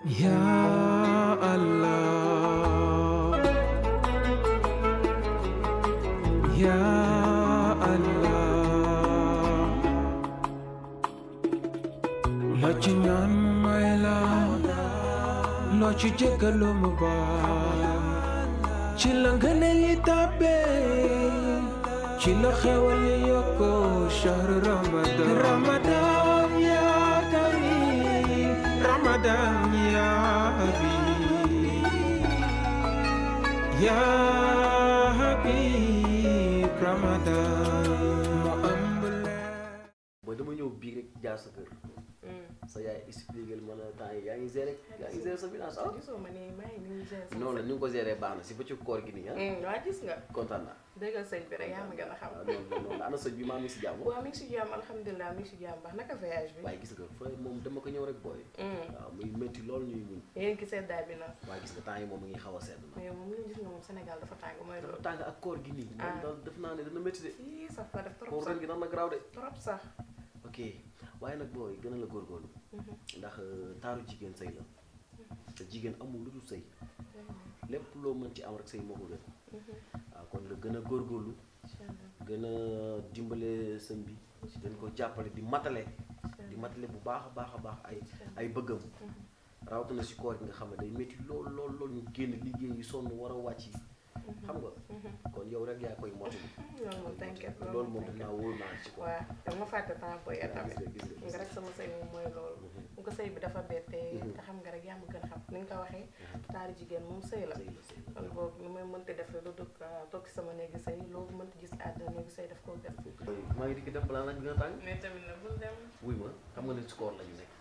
Ya Allah Ya Allah Lo ci ñaan may la loo ci jéggalu mu baal ci la ngëneel yi tàbbee shahr Ramadan Ramadan غدا يا حبيب يا حبيب رمضان. mooy dama ñëw bii rek sa yaay expliqué ma ne temps yaa ngi gérer sa finance ah. gisoo ma nii maa ni nga ko gérer baax na si ah? mm, ma gën a xam. Ah, non non ana sëñ bi maa ngi si mi ngi si jàmm alhamdulilah mi ngi gis nga ko ñëw rek booy. waaw mm. ah, muy métti loolu ñuy bi nag. waaye gis nga temps yi moom mi ngi xaw a sedd. mais moom ñu gis nga moom Sénégal dafa tàng mooy loolu. tàng gi nii. naa ne dana métti de. ii sax la def trop sax koor sax ok waaye nag booy gën a la góorgóorlu. Mhm. ndax euh, taaru jigéen sëy la. Mhm. te jigéen amul lu dul sëy. lépp loo mën ci am rek sëy moo ko mhm. kon la gën a góorgóorlu. gën a dimbale sëñ bi. dañ ko jàppale di matale. di matale bu baax a baax a baax ay ay bëggam. rawatina si koor gi nga xam ne day métti lool lool lool ñu génn liggéey yi sonn war a wàcc. xam nga. Mm-hmm. kon yow rek yaa koy motu. Mm-hmm. loolu moom tënkee loolu moom def naa wóor naa ci. waaw dama fàtte temps booy tamit nga rek sama sëy moom mooy loolu. bu mm-hmm. ko sëy bi dafa bette. te xam nga rek yaa ma gën xam ni nga ko waxee. taari jigéen moom sëy la. kon boobu nu may mënti def lu dugg euh, sama néegi sëy loolu mënti gis àddina néegi sëy daf koo gën. maa ngi dikk def balaa nag dina tàng. mais tamit nag bul dem. wuy ma xam nga ne si koor nekk.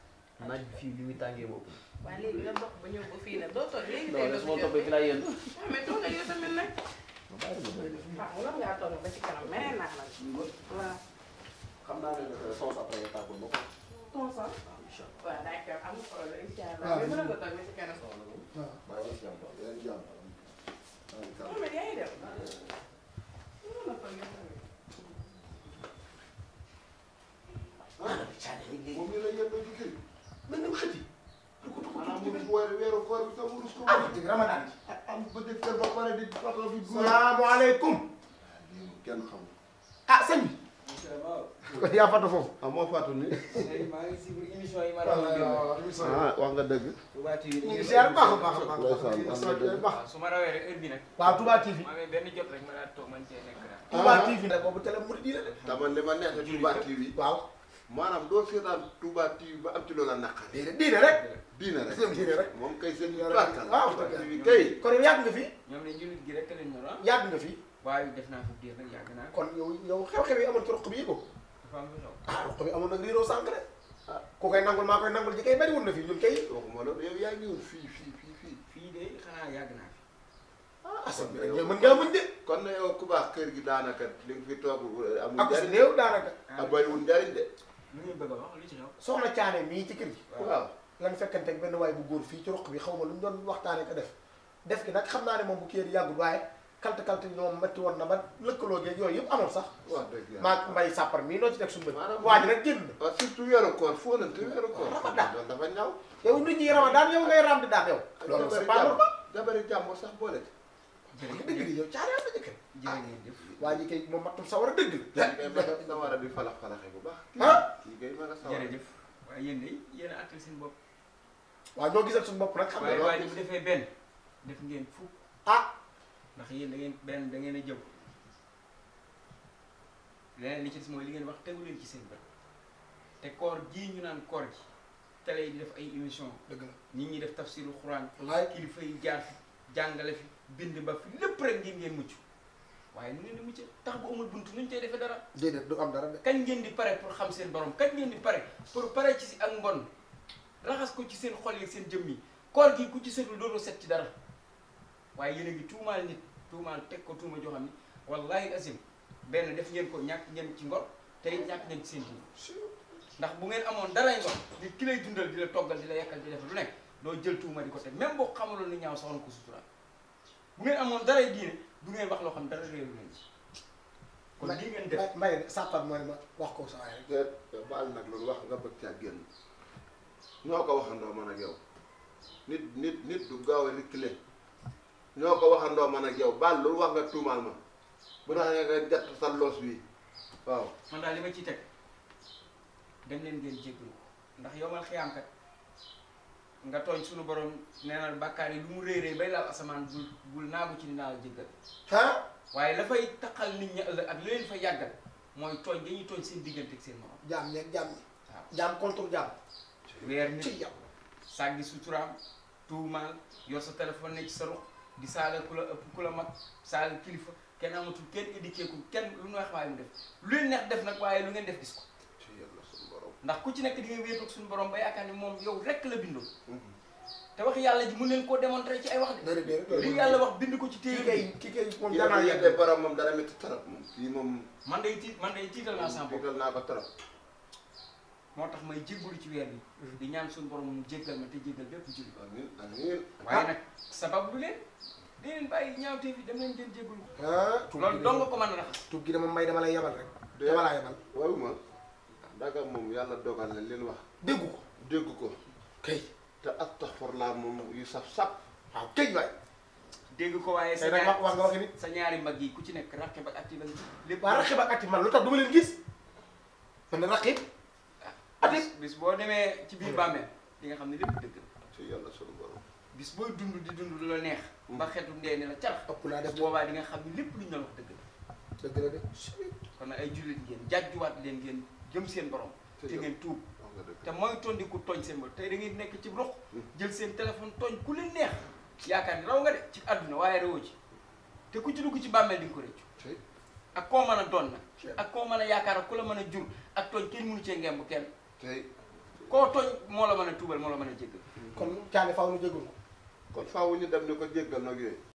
naaj bi fii li muy tàngee boobu. waaw léegi nga dox ba ñëw ba fii nag doo toog léegi. tey doo toog ba fii laa yéen. waaw mais toog nga yow tamit nag. waaw wala ngaa toog ba ci kanam meneen naa la. waaw. xam naa ne nag sons après nga tàggoo ba ko. sons waaw ah, incha allah. waaw d'accord amul problème incha allah. waaw ah, mais mën nga toog ba ci kanam. Ah. waaw maa ngi si jàmm. yaa ngi jàmm. maa ngi si jàmm. kër ba pare di photo bi. salaamaaleykum. kenn xamul. ah sëñ bi. foofu. ah moo fàttu ni. maa ngi si émission yi ma euh, ah wax nga dëgg. Touba TV ñu ngi seer baax a baax a baax. ma rawee rek heure bi TV. ma benn jot rek ma daal toog man cee ah. TV ma neex Touba maanaam doo seetaan Touba TV ba am ci loola naqare. diine diine rek. diine rek diine rek moom kay seen. waaw kay. kon yow yàgg nga fi. ñoom ne jullit gi rek lañ ñor yàgg fi. waaye def naa fi diir nag kon yow yow xew-xew yi amoon ci roq bi yëgoo. dafa am lu xew ah roq bi amoon nag riiroo sànq de. ah ku koy nangul maa koy nangul ji kay na fi ñun kay. waxuma loolu yow yaa fii fii fii fii. fii de xanaa yàgg naa fi. ah asan bi mën ngaa mën de. kon na yow ku baax kër gi daanaka li nga fi toog amul. ak su néew daanaka. abariwul ah. ah, njariñ de lu ñu bëgg a wax lu ci xew soxna mii ci kër waaw lan fekkante ak benn waay bu góor fii ci roq bi xaw ma lu ñu doon waxtaane ko def def gi nag xam naa ne moom bu kii yéen yàggul waaye kalte kalte ñoom métti woon na ba lëkkaloo geeg yooyu yëpp amoon sax maag mbay sàppar mii noo ci teg suñu bët waa ji rek génn na surtout weeru koor fóonante weeru koor ramadan dafa ñaw yow nit ngay ram di daan yow loolu c'est pas normal dabari jàmbur sax boole dëgg li yow caane am na jëkkër ah, waa ji kay moom mattum sa war dëgg la bu baax jërëjëf waaye yéen de yéen a àttal seen doo waaw ñoo gisal suñu bopp nag. xam nga waaye waaye bu defee benn def ngeen fu ah ndax yéen da ngeen benn da ngeen a jëw leneen li ci des mooy li ngeen wax tegu leen ci seen bët te koor jii ñu naan koor gi télé yi di def ay émission dëgg la ñi ngi def tafsiru xuraan. wallaay kilifa fay jaar fi jàngale fi bind ba fi lépp rek ngir ngeen mucc. waaye nu ngeen di mucc tax bu amul buntu ñu cay defee dara. déedéet du am dara de. kañ ngeen di pare pour xam seen borom kañ ngeen di pare pour pare ci si ak mbon raxas ko ci seen xol yi seen jëmm yi koor gi ku ci setul dootoo set ci dara waaye yéen a ngi tuumaal nit tuumaal teg ko tuuma joo xam ni wallahi azim benn def ngeen ko ñàkk ngeen ci ngor te ñàkk ngeen ci seen dund ndax bu ngeen amoon daray ngor nit ki dundal di la toggal di la yàkkal di def lu nekk doo jël tuuma ko teg même boo xamaloon ni ñaaw soxna ko sutura bu ngeen amoon daray diine du ngeen wax loo xam dara réew ngeen ci. kon lii ngeen def mbay sàppar mooy ma wax ko sa waay rek. Eh, eh, baal nag loolu wax nga bëgg caa génn ñoo ko waxandoo man ak yow nit nit nit du gaaw a reculer ñoo ko waxandoo man ak yow baal loolu wax nga tuumaal ma bu tax nga nga sa loos wi waaw. man daal li ma ciy teg dem leen ngeen jéggalu ndax yomal xiyaam kat. nga tooñ suñu borom nee na yi lu mu réeree bay laal asamaan bul bul naagu ci ni naa la jéggal ah waaye la fay taqal nit ñi ëllëg ak li leen fa yàggal mooy tooñ dañuy tooñ seen diggante ak seen morom jaam ñeeg jaam ñi waaw jaam contre jaam weer nit ci sàggi suturaam tuumaal yor sa téléphone ne ci sa ruq di saale ku la ëpp ku la mag saale kilifa kenn amatul kenn éduqué ku kenn lu ñu wax waaye mu def lu leen neex def nag waaye lu ngeen def gis ko ndax ku ci nek di nga wéetu suñu borom bay akane mom yow rek la bindu mhm. té wax yalla ji mën leen ko démontrer ci ay wax de li yalla wax bind ko ci téere kay ki kay dara ya dé borom mom dara metti torop mom fi mom man day tit man day tital na sa bokal na ba torop motax may jéggalu ci weer bi di ñaan suñu borom mu jéggal ma te jéggal bépp julli amin amin waaye nak sabab du leen di leen bàyyi ñaawtee fi dem leen ha jéggalu loolu dong ko man a raxas tuub gi dama may dama lay yabal rek dama laa yabal waluma daga moom yàlla dogal na leen wax déggu ko déggu ko kay te astaghfirullah moom yu saf sap waaw kay waay dégg ko waaye sa ñaari wax nga wax ni sa ñaari mag yi ku ci nekk raqib ak ati lañ lépp waa raqib ak ati man lu tax du gis man na raqib ah, ati bis boo demee ci biir hmm. bàmmeel di nga xam ne lépp dëgg ci yàlla sunu borom bis booy dund di dund lu la neex hmm. ba xetu ndee ne la carax ëpp laa def boobaa di nga xam ne lépp lu ñu la wax dëgg la dëgg la de kon ay jullit ngeen jàjjuwaat leen ngeen jëm seen borom te ngeen tuub ah, te mooy tondi ku tooñ seen borom tey da ngeen nekk ci ruq hmm. jël seen téléphone tooñ ku leen neex yaakaar ni raw nga de ci àdduna waaye rawoo ci te ku ci dugg ci bàmmeel di nga ko rëccu ak koo mën a doon nag ak koo man a yaakaar ak ku la mën a jur ak tooñ kenn mënu cee ngemb kenn koo tooñ moo la mën a tuubal moo la mën a jéggal hmm. kon caane faaw nu jéggal ko kon ñu dem ne ko jéggal nag yooyu